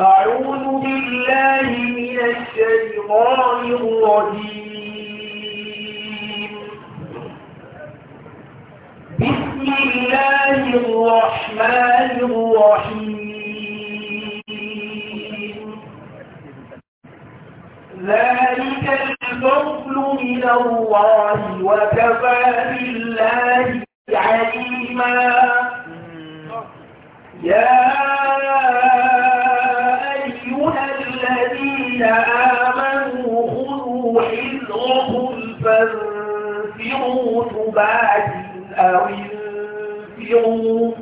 أعوذ بالله من الشيطان الرجيم بسم الله الرحمن الرحيم ذلك الفضل من الله وكفى بالله عليما يا أيها الذين آمنوا خذوا حذركم فانفروا ثبات أو انفروا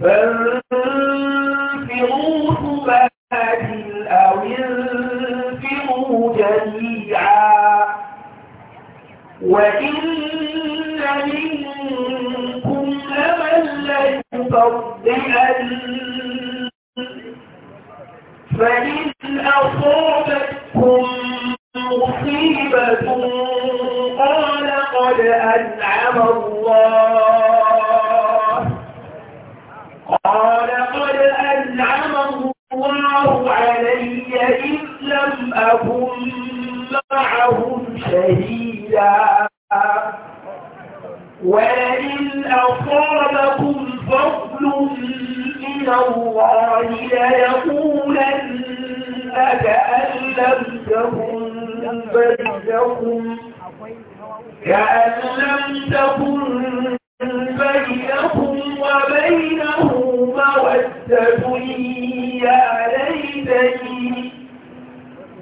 فانفروا ثبات أو انفروا جميعا وإن منكم لمن ليؤمن فإن أصابتكم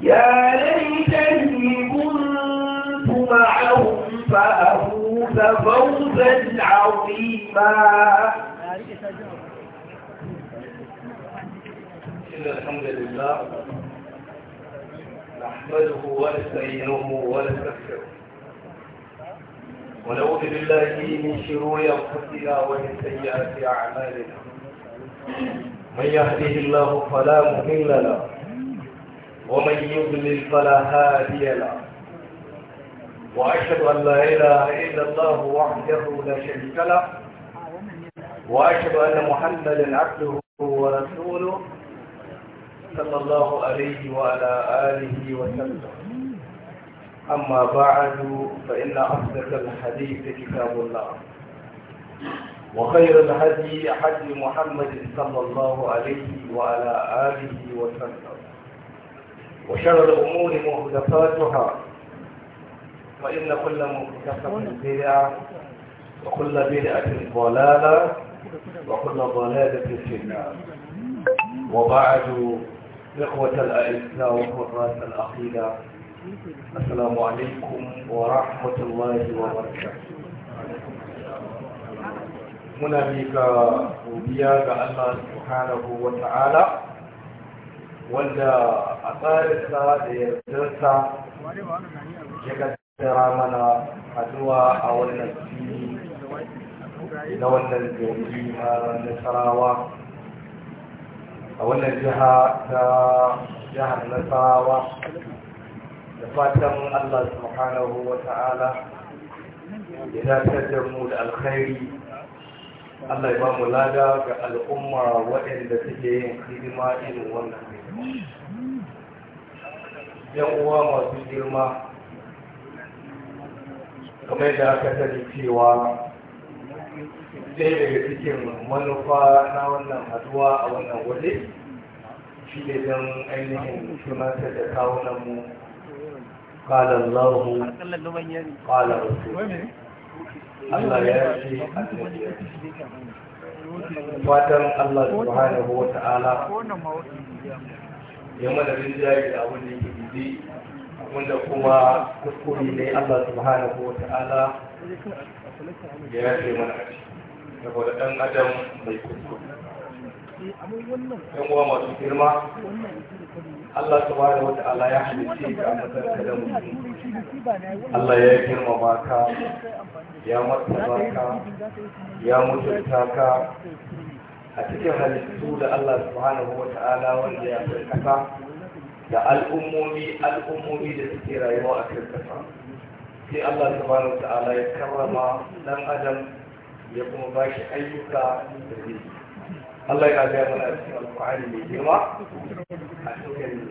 يا ليتني كنت معهم فأفوز فوزا عظيما إن الحمد لله نحمده ونستعينه ونستغفره ونعوذ بالله من شرور أنفسنا ومن سيئات أعمالنا من يهده الله فلا مضل له ومن يضلل فلا هادي له وأشهد أن لا إله إلا الله وحده لا شريك له وأشهد أن محمدا عبده ورسوله صلى الله عليه وعلى آله وسلم أما بعد فإن أصدق الحديث كتاب الله وخير الهدي حدي محمد صلى الله عليه وعلى آله وسلم وشر الأمور مهدفاتها فإن كل مهدفة بدعة وكل بدعة ضلالة وكل ضلالة في النار وبعد إخوة الأئمة وقراءة الأخيرة السلام عليكم ورحمة الله وبركاته muna mika godiya ga Allah subhanahu wa ta'ala wanda a tsarinsa da yardarsa ya kaddara mana haduwa a wannan fili na wannan gari na nasarawa a wannan jiha ta jihar nasarawa da fatan allah subhanahu wa ta'ala ya dace da mu da alkhairi Allah ya ba mu lada ga al'umma waɗanda suke yin hidima irin wannan yan uwa masu girma kamar da aka sani cewa ɗaya daga cikin manufa na wannan haduwa a wannan waje shi ne don ainihin sunanta da kawunanmu قال الله قال Allah ya ce annabi ya ce fatan Allah subhanahu wa ta'ala ya mana rinjaye da abin da yake wanda kuma kuskure ne Allah subhanahu wa ta'ala ya ce mana a saboda ɗan adam mai kuskure yan uwa masu girma Allah subhanahu wata'ala ya halitta ka matar ka da Allah ya girmama ka ya martaba ka ya mutunta ka a cikin halittu da Allah subhanahu wata'ala wanda ya karkata, da al'ummomi al'ummomi da suke rayuwa a kan kasa sai Allah subhanahu wata'ala ya karrama dan adam ya kuma ba shi ayyuka da zai Allah yana gaya mana a cikin alƙur'ani mai girma a cikin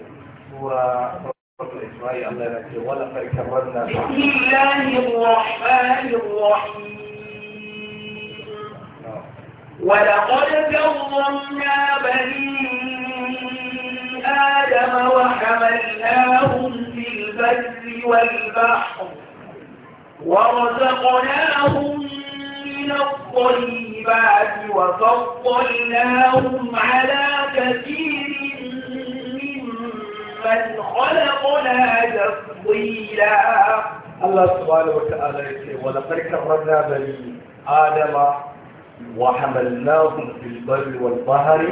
sura إسرائيل الله يأتي ولقد كررنا بسم الله الرحمن الرحيم ولقد كرمنا بني آدم وحملناهم في البر والبحر ورزقناهم من الطيبات وفضلناهم على كثير ممن خلقنا تفضيلا الله سبحانه وتعالى يقول ولقد كرمنا بني آدم وحملناهم في البر والبحر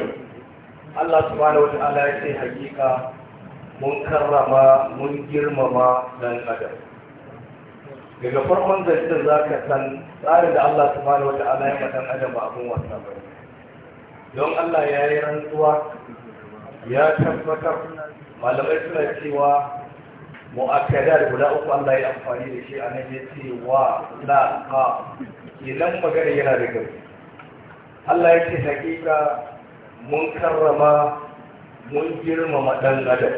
الله سبحانه وتعالى يقول حقيقة من كرم من جرم ما لن أدم daga farkon zancen za ka san tsarin da Allah su mani wata ala ya matan adam ba abin wasa ba don Allah ya yi rantsuwa ya tabbatar malamai suna cewa mu'akkada guda uku Allah ya amfani da shi a nan ya ce wa la ka idan magana yana da gaske Allah ya ce hakika mun karrama mun girmama ɗan adam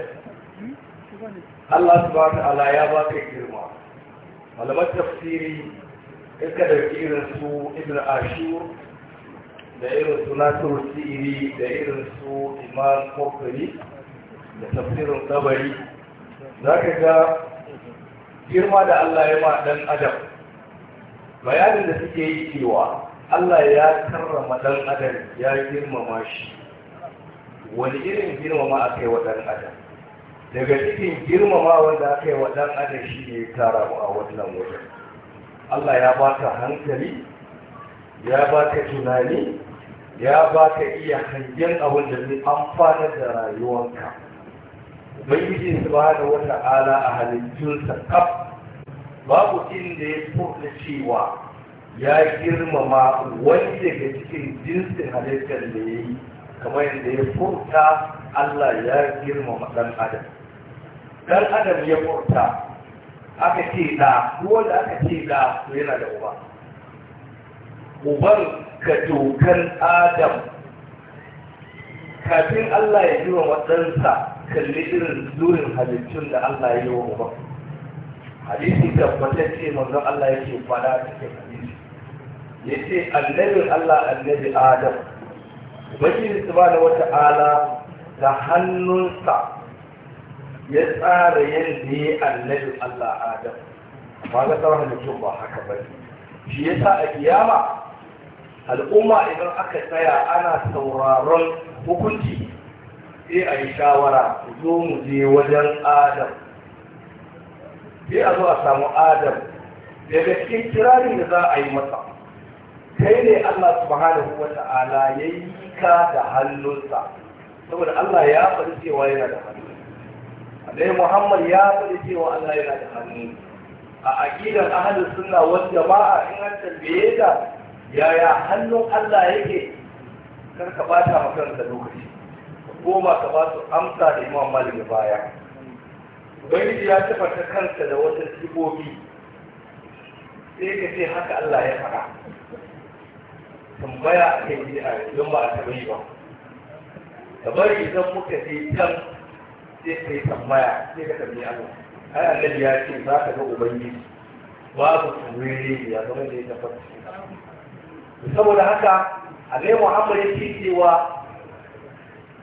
Allah subhanahu wa ta'ala ya ba ka girma Malamar tafsiri in ka dauki irin su ibn ashur da irin su nasiru siri da irin su imam kokari da tafsirin tabari za ka ga girma da allah ya ma dan adam bayanin da suke yi cewa allah ya karrama dan adam ya girmama shi wani irin girmama aka yi wa dan adam daga cikin girmama wanda aka yi wa ɗan adam shi ne tara mu a wannan wajen Allah ya ba baka hankali ya ba baka tunani ya ba baka iya hangen abin da zai amfana da rayuwanka ubangiji wata ala a halittunsa kaf babu inda ya furta cewa ya girmama wani daga cikin jinsin halittar da ya yi kamar yadda ya furta Allah ya girmama ɗan adam dan adam ya furta aka ce da wanda aka ce da to yana da uba uban ka dokar adam kafin Allah ya yi wa matsansa kalli irin zurin halittun da Allah ya yi wa uban hadisi ce manzon Allah ya yake fada cikin hadisi ce annabin Allah annabi Adam ubangiji wata ala da hannunsa ya tsara yadda ya annabi Allah Adam ba ga tsawon halittun ba haka ba shi ya sa a kiyama al'umma idan aka tsaya ana sauraron hukunci sai a yi shawara zo mu je wajen Adam sai a zo a samu Adam daga cikin kirarin da za a yi masa kai ne Allah subhanahu wa ta'ala ya yi ka da hannunsa saboda Allah ya faɗi cewa yana da hannu ne Muhammad ya faɗi cewa Allah yana da hannu a aqidar ahlus sunna wal jama'a in an tambaye yaya hannun Allah yake kar ka bata ma lokaci ka koma ka ba su amsa da Imam Malik ya baya Ubangiji ya tafa ta kansa da wata sibobi sai ka ce haka Allah ya faɗa tambaya a kai bid'a don ba a taɓa yi ba ka bari idan muka je can sai ka yi tambaya sai ka tambayi Allah ai annabi ya ce za ka ga ubangiji babu tsuri ya zama da ya tabbata saboda haka annabi Muhammad ya ce cewa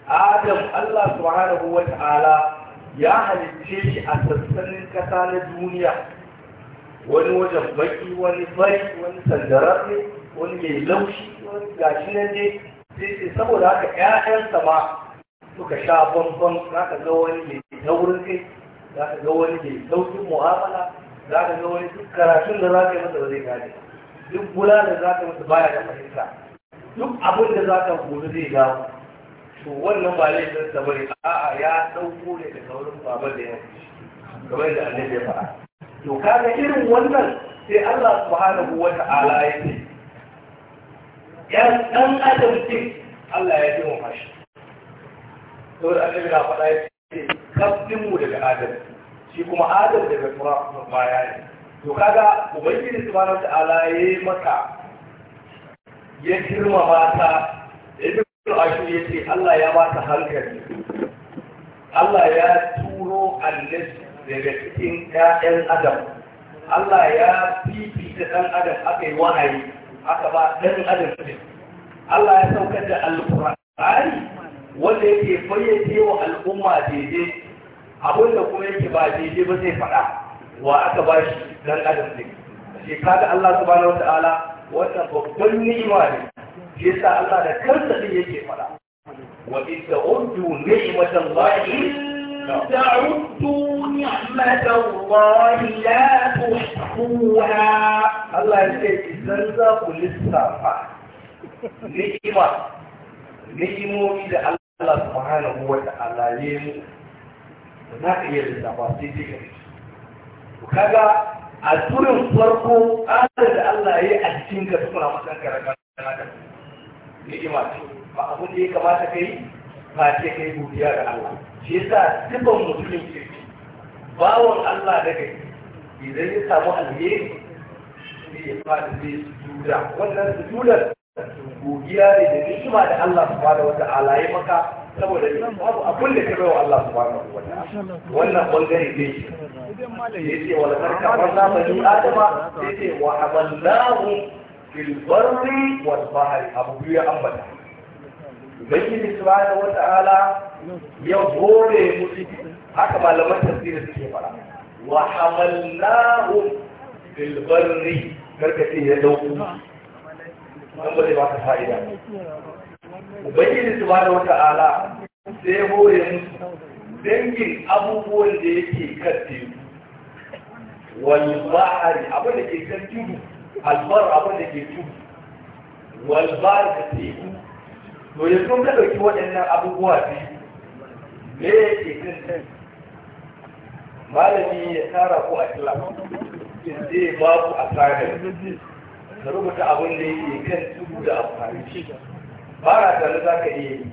Adam Allah subhanahu wa ta'ala ya halicce shi a sassanin kasa na duniya wani wajen baki wani fari wani sandararre wani mai laushi wani gashi nan dai sai saboda haka 'ya'yansa ma suka sha bambam za ka ga wani mai taurin kai za ka ga wani mai saukin mu'amala za ka ga wani duk karatun da za ka yi masa ba zai gane duk gula da za ka masa baya da fahimta duk abin da za ka gudu zai dawo to wannan ba laifin sa bane a'a ya dauko ne da wurin baban da ya kamar da annabi ya faɗa to kaga irin wannan sai Allah subhanahu wa ta'ala ya ce yan dan adam din Allah ya ji mu fashi saboda annabi na faɗa ya ce kafin mu daga adam shi kuma adam daga turafin baya ne to kaga ubangiji subhanahu ta'ala yayi maka ya girmama ta ibn ya ce Allah ya ba ta hankali Allah ya turo annis daga cikin ƴaƴan adam Allah ya fifita ɗan adam aka yi wahayi aka ba ɗan adam Allah ya saukar da alƙur'ani fayyace wa al'umma daidai abin da kuma yake ba daidai ba zai faɗa wa aka ba shi dan adam ne shi kaga Allah subhanahu wataala wannan babban ni'ima ne shi yasa Allah da kansa ne yake faɗa wa in ta'uddu ni'matallahi تعدوا نعمة الله لا تحصوها الله يسير الزنزة والإسرافة نعمة ni'imomi da Allah subhanahu wa ta'ala ne mu na iya lissafa sai dai gare su kaga a turin farko ƙasar da Allah ya yi a cikin ka tukuna masan karaka da ni'ima ce ba abu da ya kamata ka yi ba ce ka yi godiya ga Allah shi yasa dukkan mutumin kirki bawon Allah da kai idan ya samu alheri sai ya fadi zai sujuda wannan sujudar godiya ne da ni'ima da Allah subhanahu wata'ala ya maka saboda babu abin da ka bai wa Allah subhanahu wata'ala wannan bangare ne ce wa wala tarka wala bani adama ce wa hamalnahu fil barri wal bahri abu biyu ambata ubangiji subhanahu wata'ala ya hore musu haka malaman tafsiri suke fara wa hamalnahu fil barri karkace ya dauko don ba zai ba ka fa'ida ubangiji su ba da wata ala sai hore musu dangin abubuwan da yake kan teku wal bahari abin da ke kan tudu albar abin da ke tudu wal bahari da teku to yanzu ka ɗauki waɗannan abubuwa biyu me ke kan teku malami ya tara ko a kila zai ba ku a tsarin ka rubuta abin da yake kan tuku da amfani shi ba ra tare za ka iya yi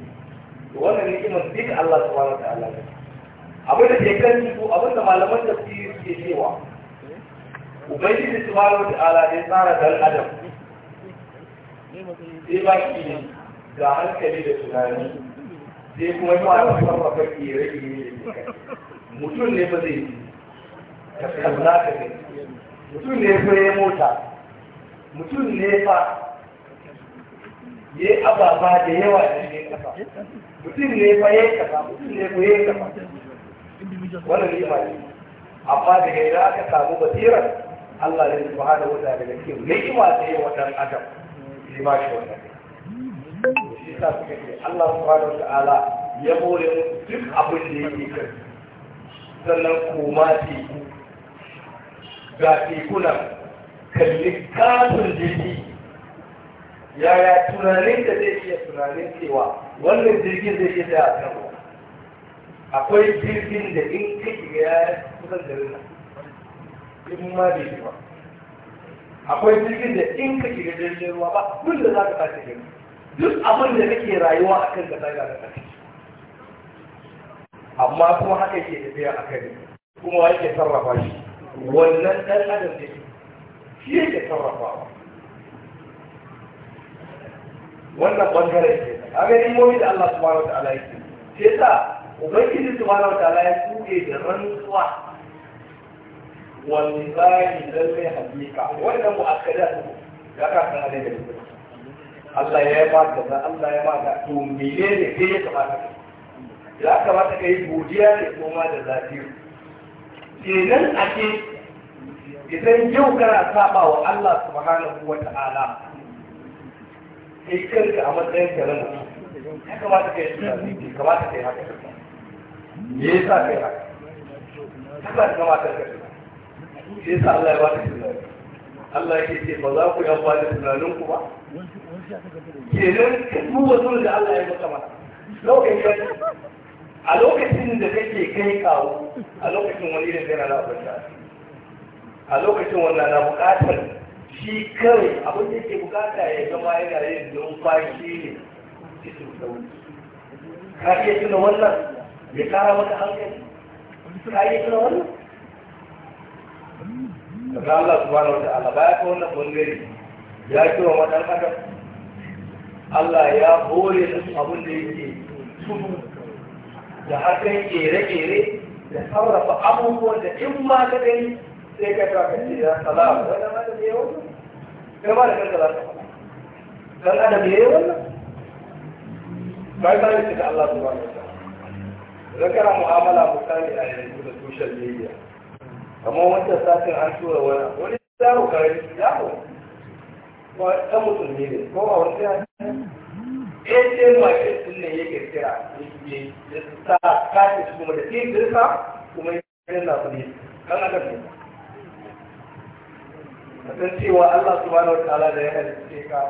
wannan ni'imar duk Allah subhanahu wa ta'ala ne abin da ke kan tudu abin da malaman tafsiri suke cewa ubangiji subhanahu wa ta'ala ya tsara dal adam sai ba shi ne ga hankali da tunani sai kuma yi wa sarrafa kere ne mutum ne ba zai yi ka kalla ka gani mutum ne ya mota mutum ne fa ya yi ababa da yawa da shi kafa mutum ne fa ya yi kafa mutum ne ko ya yi kafa wannan ba ne amma daga idan aka samu basirar Allah ne ba wa wata daga yi wa da yawa dan adam ne ba shi wannan shi sa suka ce Allah subhanahu wa ta'ala ya bore duk abin da yake kai sannan koma teku ga tekunan kalli katon jirgi yaya tunanin da zai iya tunanin cewa wannan jirgin zai iya da a akwai jirgin da in ka shiga yaya kusan da rina in ma bai ba akwai jirgin da in ka shiga jirgin ruwa ba kun da za ka tashi jirgin duk abin da kake rayuwa a kan ka tsaga da tashi amma kuma haka yake tafiya a kai kuma yake sarrafa shi wannan ɗan adam da yake shi yake sarrafa wannan bangaren ke a ga imomi da Allah subhanahu wa ta'ala yake sai sa ubangiji subhanahu wa ta'ala ya kuke da rantsuwa wani bayan lalle hakika wannan mu'akkada ga ka san da Allah ya ba da Allah ya ba ka to menene ke ya kamata ya kamata kai godiya ne kuma da zafi kenan ake idan yau kana saba wa Allah subhanahu wa ta'ala kai kanka a matsayin ka na mutum ya kamata kai tunani kamata kai haka me yasa kai haka haka kamata kai shi yasa Allah ya ba ka tunani Allah yake ce ba za ku yi amfani da tunanin ku ba kenan ku zuwa da Allah ya maka mata lokacin a lokacin da kake kai kawo a lokacin wani yana da abin lafiya a lokacin wannan na bukatar shi kawai abin da ke bukata ya zama yana yin numfashi ne cikin sauki ka iya tuna wannan ya kara maka hankali ka iya tuna wannan daga Allah subhanahu wa ta'ala baya ka wannan bangare ya kira wa adam Allah ya hore da su abin da yake tudu da hakan kere-kere da sarrafa abubuwan da in ma ka gani sai ka ta ka ce ya salam wani ma da me wannan kai ma da kanka za ka faɗa dan adam ya yi wannan bai bai ce da Allah subhanahu wa ta'ala zakara mu'amala misali a yanzu da social media amma wancan satin an tura wani wani yaro kare yaro ba ɗan musulmi ne ko a wani yaro ɗaya mace sun ne yake kira ya sa kashi kuma da ke girka kuma ya na su kan adam ne san cewa Allah subhanahu wa ta'ala da ya ce ka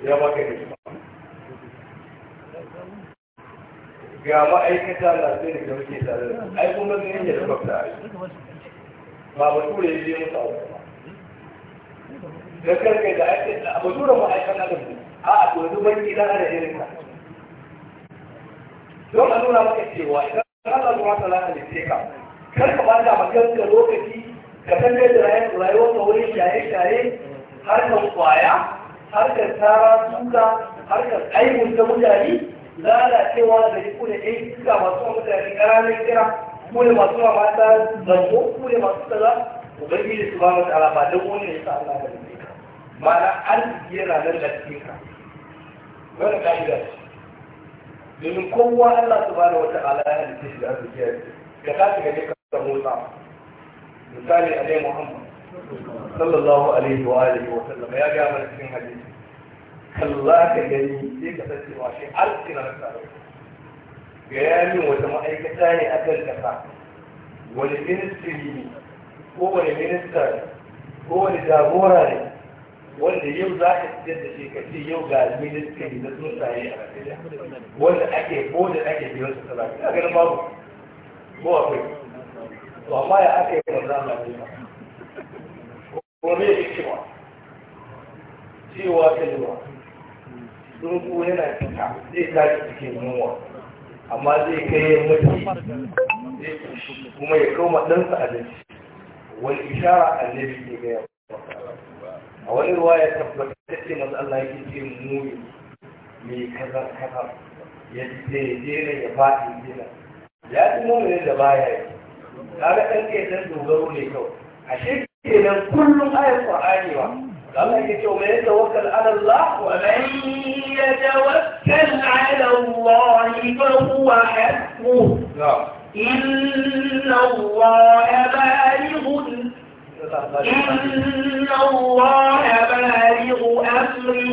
ya baka hikima ga ma'aikata na sai da muke tare da ai kuma zai yanke da kwafta ai ba ba tura ya je musu a ba da karkai da ake a ba tura ma'aikata da su a a bai yanzu banki da ana irin ka don a nuna maka cewa idan Allah subhanahu wa ta'ala ce ka kar ka ba da maganka lokaci ka san da rayuwar ka wurin shaye-shaye harkar kwaya harkar tara suka harkar aibunta mutane lalacewa da riko da ɗan suka masu wa mutane ƙananan kira ko da masu wa mata zango ko da masu kaza da su ba mata alama don wani ya sa Allah da rufe ka ma'ana arziki yana nan da cikin ka wani ka'ida domin kowa Allah su ba da wata ala da ke shi da arziki ya rufe ka tashi gaje ka motsa misali a muhammad sallallahu alaihi wa alihi wa sallam ya ga mana cikin hadisi kalla ka gani sai ka sace wa shi alƙina na tsaro ga yamin wata ma'aikata ne a kan kasa wani ministiri ne ko wani minista ne ko wani jagora ne wanda yau za ka fitar da shi ka ce yau ga ministiri na tsuntsaye a Najeriya wanda ake ko da ake biyar su talaka ga ganin babu ko akwai to amma ya aka yi manzo Allah ne ko me hikima ta kalma tsuntsu yana fita zai tashi cikin yunwa amma zai kai ya mutu zai kushi kuma ya koma ɗansa a daji wani ishara annabi ke gaya a wani ruwa ya tabbata ce masu Allah yake ce muni mai kaza kaza ya je ya faɗi gina ya ji muni da baya yi kaga dan ke dan dogaro ne kawai ashe kenan kullum ayar qur'ani wa Allah yake cewa mai tawakkal ala Allah wa man yatawakkal ala Allah fa huwa hasbu inna Allah balighun إن الله بالغ أمره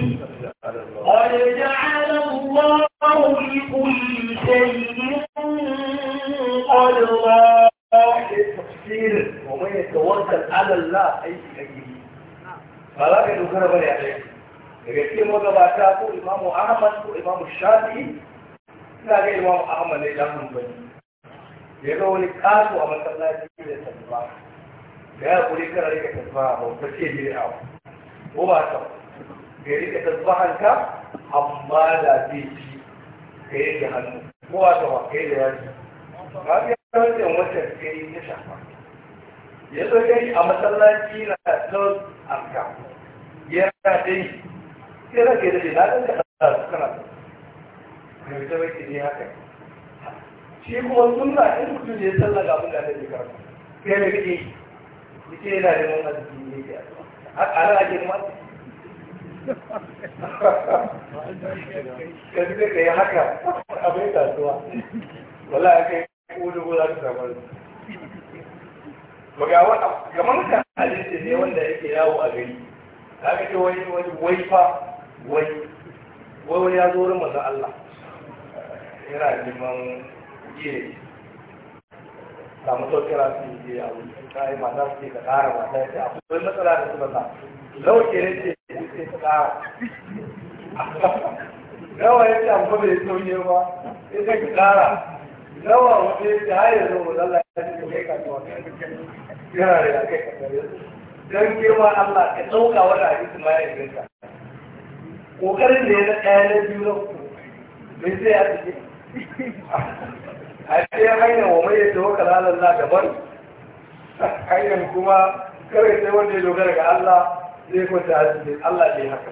Bala za ka yi dogara ba a ɗaya daga cikin magabata ko imamu ahmad ko imamu shafi ina ga imamu ahmad ne dan hanbali ya ga wani kaso a masallaci da tasba da ya kuri kana rika tasba ba ta ce ne a ko ba ta ga rika tasba hanka amma da zai ci ka yi da hannu ko ba ta ba ka yi da yaji ba ta yi da wancan ka yi ta shafa ya zo gani a masallaci na tsawon aska ya rata yi sai rage da na ɗan da su kana mai wuce wake ne haka shi kuma suna in kudu ne sallah ga abin da ne karfa sai da kake yi ita yana da mun arziki ne ke a a ke neman kan zai kai haka abin kasuwa wala aka yi kudu ko za ta samu magawa kamar ka halitta ne wanda yake yawo a gari ka ga ce wai wai wai fa wai wai wani ya zo wurin manzon Allah yana neman iya samu saukira su yi a wuri ta yi mata su ka ƙara mata ya ce a akwai matsala da su mata lauke ne ce ce ta ƙara yawa ya ce amma bai sauye ba ya ka ƙara yawa wani ya ce har yanzu mu lalla ya ce yana da kai don girma Allah ka sauka wani hadisi ma ya rinka kokarin da ya na ɗaya na biyu na uku bai sai ya fi a ce hanyar wa mai yadda waka lalar na daban hanyar kuma kare sai wanda ya dogara ga Allah zai kwanta hadisi Allah bai haka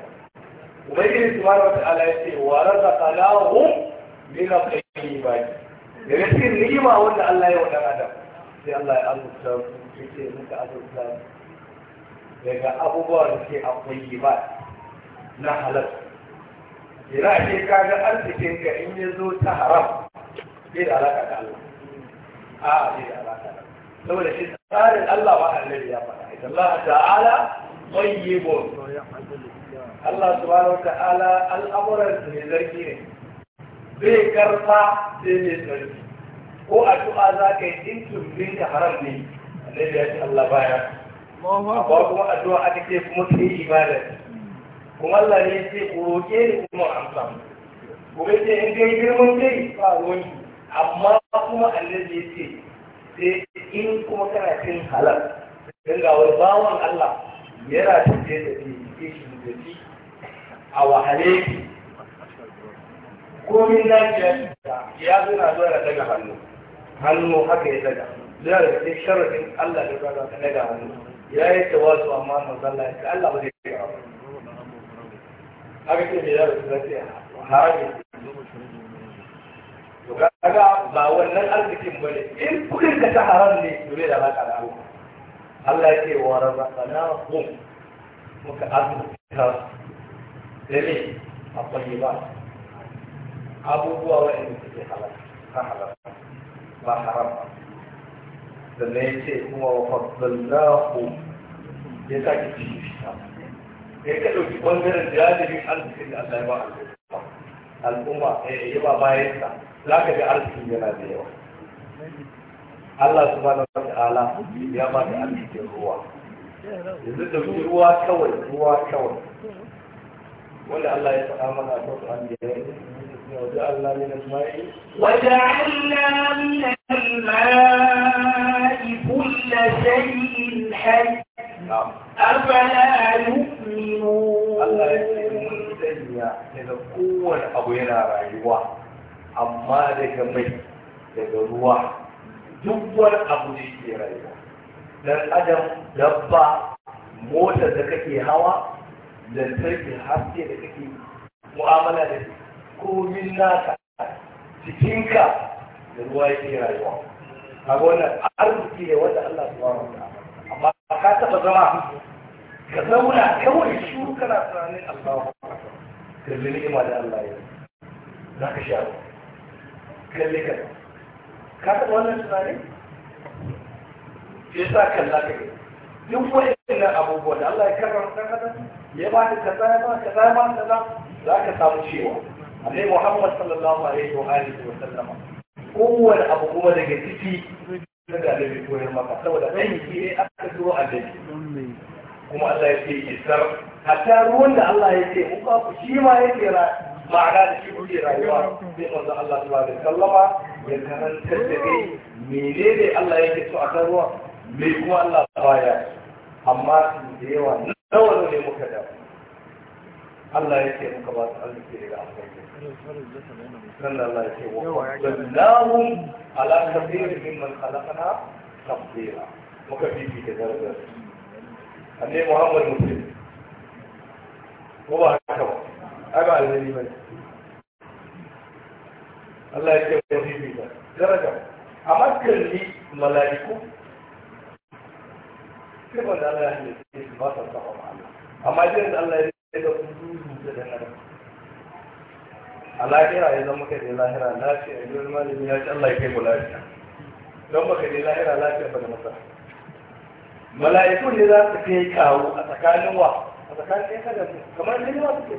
ubangiji subhanahu wataala ya ce wa razaqnahum min at-tayyibati daga cikin ni'ima wanda Allah ya wa dan adam sai Allah ya azurta ku ya ce muka azurta daga abubuwa da ke akwai ba na halal ina ce ga arzikin ka in ya zo ta haram bai da alaka da Allah a bai da alaka da saboda shi tsarin Allah wa annabi ya faɗa idan Allah ta'ala tayyibun Allah subhanahu ta'ala al'amuran su ne zarki ne bai karfa sai ne zarki ko a addu'a za ka yi in bin ka haram ne annabi ya ce Allah baya A kuma addu'a aka ce kuma ka yi ibada kuma Allah ne ya ce ku roƙe ni kuma samu kuma ce in kai girman kai ba wani. amma kuma annabi ya ce sai in kuma kana cin halal don ga wani bawan Allah yana tafiye da ke shi da shi a wahale komin lafiya ya zo na zuwa daga hannu hannu haka ya daga ya da cikin sharafin Allah da zaka ka daga hannu ya yi tawazu amma mazalla ya Allah ba zai yi ba haka ce da ya rasu zai haraji to kaga ba wannan arzikin bane in kudin ka ta haram ne dole da alaka da Allah Allah ya ce wa razaqnahum muka azurta su dole a ba abubuwa wa'anda suke halal ka halal mahram da ya ce kuma wa faddallahu ya sake ci ya ka ɗauki ɓangaren jajibin arzikin da Allah ya ba al'umma ya ba bayansa za ka ga arzikin yana da yawa Allah subhanahu wa ta'ala ya ba da arzikin ruwa yanzu da ruwa kawai ruwa Allah ya mana a وجعلنا من الماء وجعلنا من الماء كل شيء حي نعم أفلا يؤمنون الله يسلمون سنيا إذا قوة أبونا رأيوه أما ذلك مي daga ruwa duk wani abu da yake rayuwa dan adam dabba motar da kake hawa lantarki haske da kake mu'amala da shi komin naka cikinka, da ruwa yake rayuwa a wannan arziki ne wanda Allah su wara wata amma ka taba zama ka zauna kawai shuru kana tunanin Allah wa kalli ni'ima da Allah ya za ka sha ruwa kalli ka ka taba wannan tunanin ya sa kalla ka gani duk wani nan abubuwa da Allah ya karrama dan adam ya ba ka kaza ya ba ka kaza ya ba ka kaza za ka samu cewa annabi Muhammad sallallahu alaihi wa alihi wa sallama kowane abu kuma daga ciki daga annabi koyar maka saboda aiki ne aka a annabi kuma Allah ya ce isar hatta ruwan da Allah ya ce uka ku shi ma ya ce ma'ana da shi kuke rayuwa sai manzo Allah subhanahu wa sallama ya karanta da kai menene Allah yake so a kan ruwa me kuma Allah baya amma da yawa nawa ne muka dawo Allah ya ce muka ba su arziki daga albarka sannan Allah ya ce wa qaddalnahum ala min mimman khalaqna tafdila muka bibi da darajar annabi Muhammad muslim ko ba haka ba aga alheri bane Allah ya ce wa bibi da daraja a makalli mala'iku sai wanda Allah ya ce ba sa saba Allah amma idan Allah ya daga kuma da adam a lahira ya zama kai lahira lafiya ya zama malami ya ci Allah ya kai mu lafiya don baka je lahira lafiya ba da masa mala'ikun ne za su kai kawo a tsakanin wa a tsakanin ɗaya da su kamar ne ma suke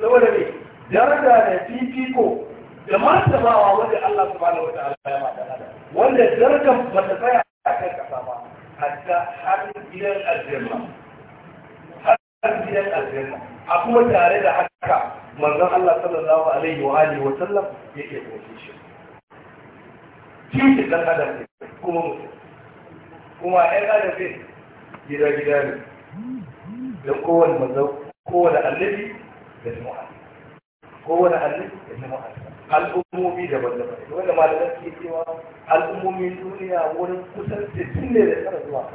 saboda me, daraja da fifiko da martabawa wanda Allah subhanahu wa ta'ala ya mata wanda darajar ba ta tsaya a kan kasa ba hatta har gidan aljanna a kuma tare da haka manzon Allah sallallahu alaihi wa alihi wa sallam yake koke shi kishi dan adam ne kuma mutum kuma ɗan adam ne gida gida ne da kowane manzo kowane annabi da jama'a kowane annabi da jama'a al'ummomi daban-daban wanda malamai ke cewa al'ummomin duniya wurin kusan 60 ne da tsara zuwa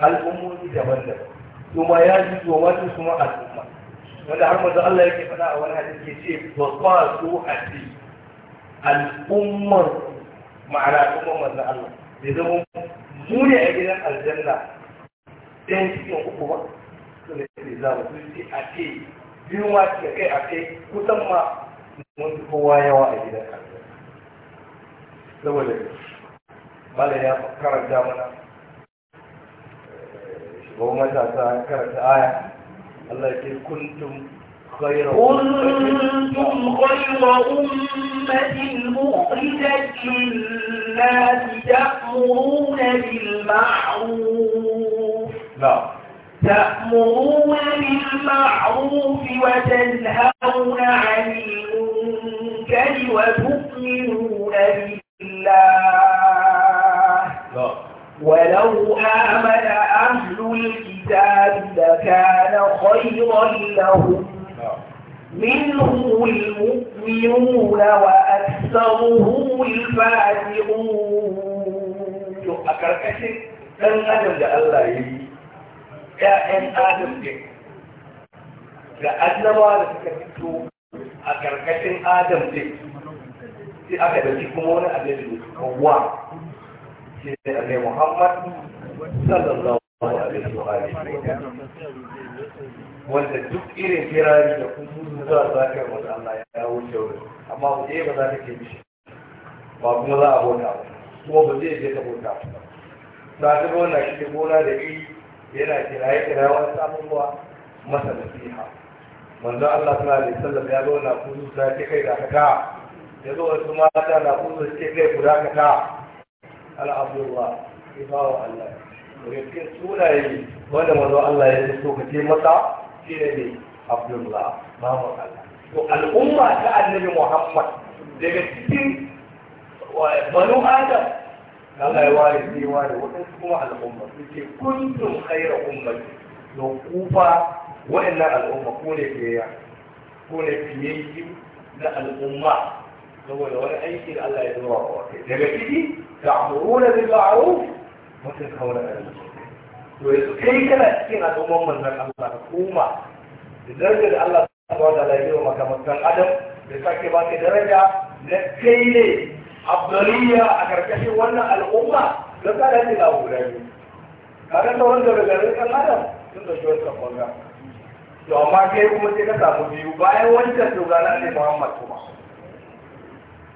al'ummomi daban-daban kuma ya ji zuwa wata kuma al'umma wanda har manzo Allah yake faɗa a wani hadisi ce wa qasu hadi al'ummar ma'ana kuma manzo Allah bai zama mu ne a gidan aljanna ɗayan cikin uku ba to ne da zama su ce a ce biyu ma ke kai a kai kusan ma mun kowa yawa a gidan aljanna saboda mala ya karanta mana eh, shugaban matasa karanta aya الله كنتم خير كنتم خير أمة مخرجة للناس تأمرون بالمعروف لا نعم. تأمرون بالمعروف وتنهون عن المنكر وتؤمنون بالله لا. نعم. ولو آمن أهل الكتاب الكتاب لكان خيرا لهم منهم المؤمنون وأكثرهم الفاسقون أكركشن أن أدم جاء الله يلي يا أن آدم جاء لأدنى ما هذا الكتاب أكركشن آدم جاء في أكبر تكمون أدنى الله صلى الله wanda duk irin firari da kun mutu za a zaka wanda Allah ya wuce wurin amma ba zai ba za ta ke mishi ba kuma za a bota ba kuma ba zai je ta bota ba za ka wannan shi gona da yi yana kiraye kirayen samuwa masa nasiha Wanzu Allah sallallahu alaihi wasallam ya zo na kuzu da ke kai da kaka ya zo wasu mata na kuzu ke kai guda kaka al ya ibawa Allah daga cikin sunaye wanda mazo Allah ya ce so ka ce masa shi ne ne Abdullah babu Allah to al'umma ta annabi Muhammad daga cikin banu Adam Allah ya ware sai ware waɗansu kuma al'umma su ce kuntum khayra ummati to kufa waɗannan al'umma ko ne fiye ko ne fiye na al'umma saboda wani aiki da Allah ya zuwa wa daga ciki ta'muruna bil ma'ruf mutum kawar da abinci to yanzu kai kana cikin al'umman manzan Allah al'umma da darajar da Allah ta ba da lafiya makamantan adam da sake ba ka daraja na kai ne abdaliya a ƙarƙashin wannan al'umma da ka dace da abu rayu kaga sauran da garin kan adam sun da shi wata kwanga to amma kai kuma sai ka samu biyu bayan wancan to ga nan ne Muhammad kuma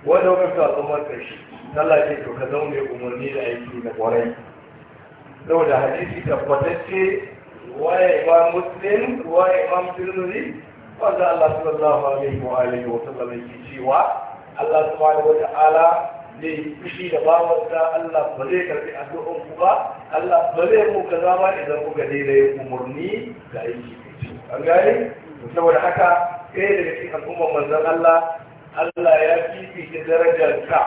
wanda wani al'ummar karshe Allah ce to ka zaune umarni da aiki da kwarai saboda hadisi tabbatacce waye ba muslim waye ba musulmi wanda Allah sallallahu alaihi wa alihi wa sallam yake cewa Allah subhanahu wa ta'ala ne fushi da bawansa Allah ba zai karbi addu'an ku ba Allah ba zai mu kaza ba idan kuka daidai umarni da aiki an gane saboda haka ɗaya daga cikin al'ummar manzon Allah Allah ya fifita darajar ka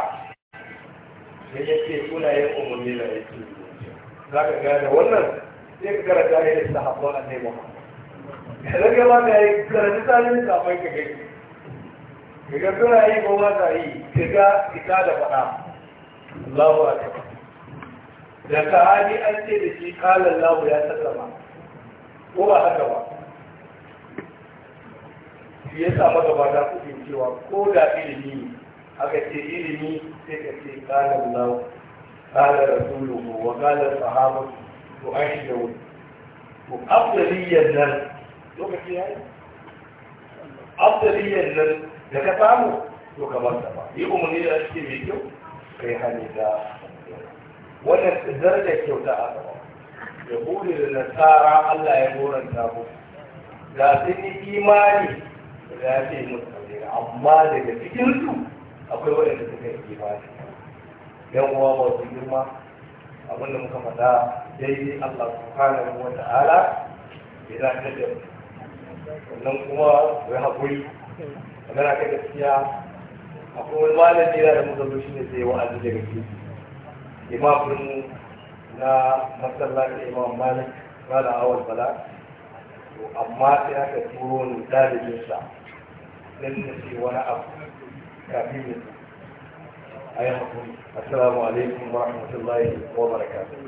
da yake sunayen umarni da aiki za ka gane wannan sai ka karanta ya da sahabban annabi Muhammad idan ka ba ka yi karanta tarihin kafin ka gani kaga suna yi ko ba ta yi kaga ita da faɗa Allahu akbar da ka hali an ce da shi kalan lahu ya sallama ko ba haka ba shi ya sa maka ba ta cewa ko da ilimi aka ce ilimi sai ka ce kalan lahu قال رسوله وقال الصحابة وأشدون وأفضلية لن لوكتي هاي أفضلية لن لك تعمل لوكبر سبا يقوم لي أشتي فيديو كي حميدا وانا درجة كيوتا أسبا يقول للنسارة الله يقول أنتابه لا تني إيماني لا تني مستمر عما لك تجنسو أقول وانا تني إيماني yan uwa masu girma abin da muka faɗa daidai Allah subhanahu wa ta'ala ya zaɓe da Wannan kuma ya haƙuri magana ta gaskiya akwai wani malami yana da muka shi ne zai wa'azi daga ke imamin na masallaci imam malik malam awal bala to amma sai aka turo ni dalibinsa don na ce wani abu kafin ya a yi haƙuri assalamu alaikum wa rahmatullahi wa barakatuh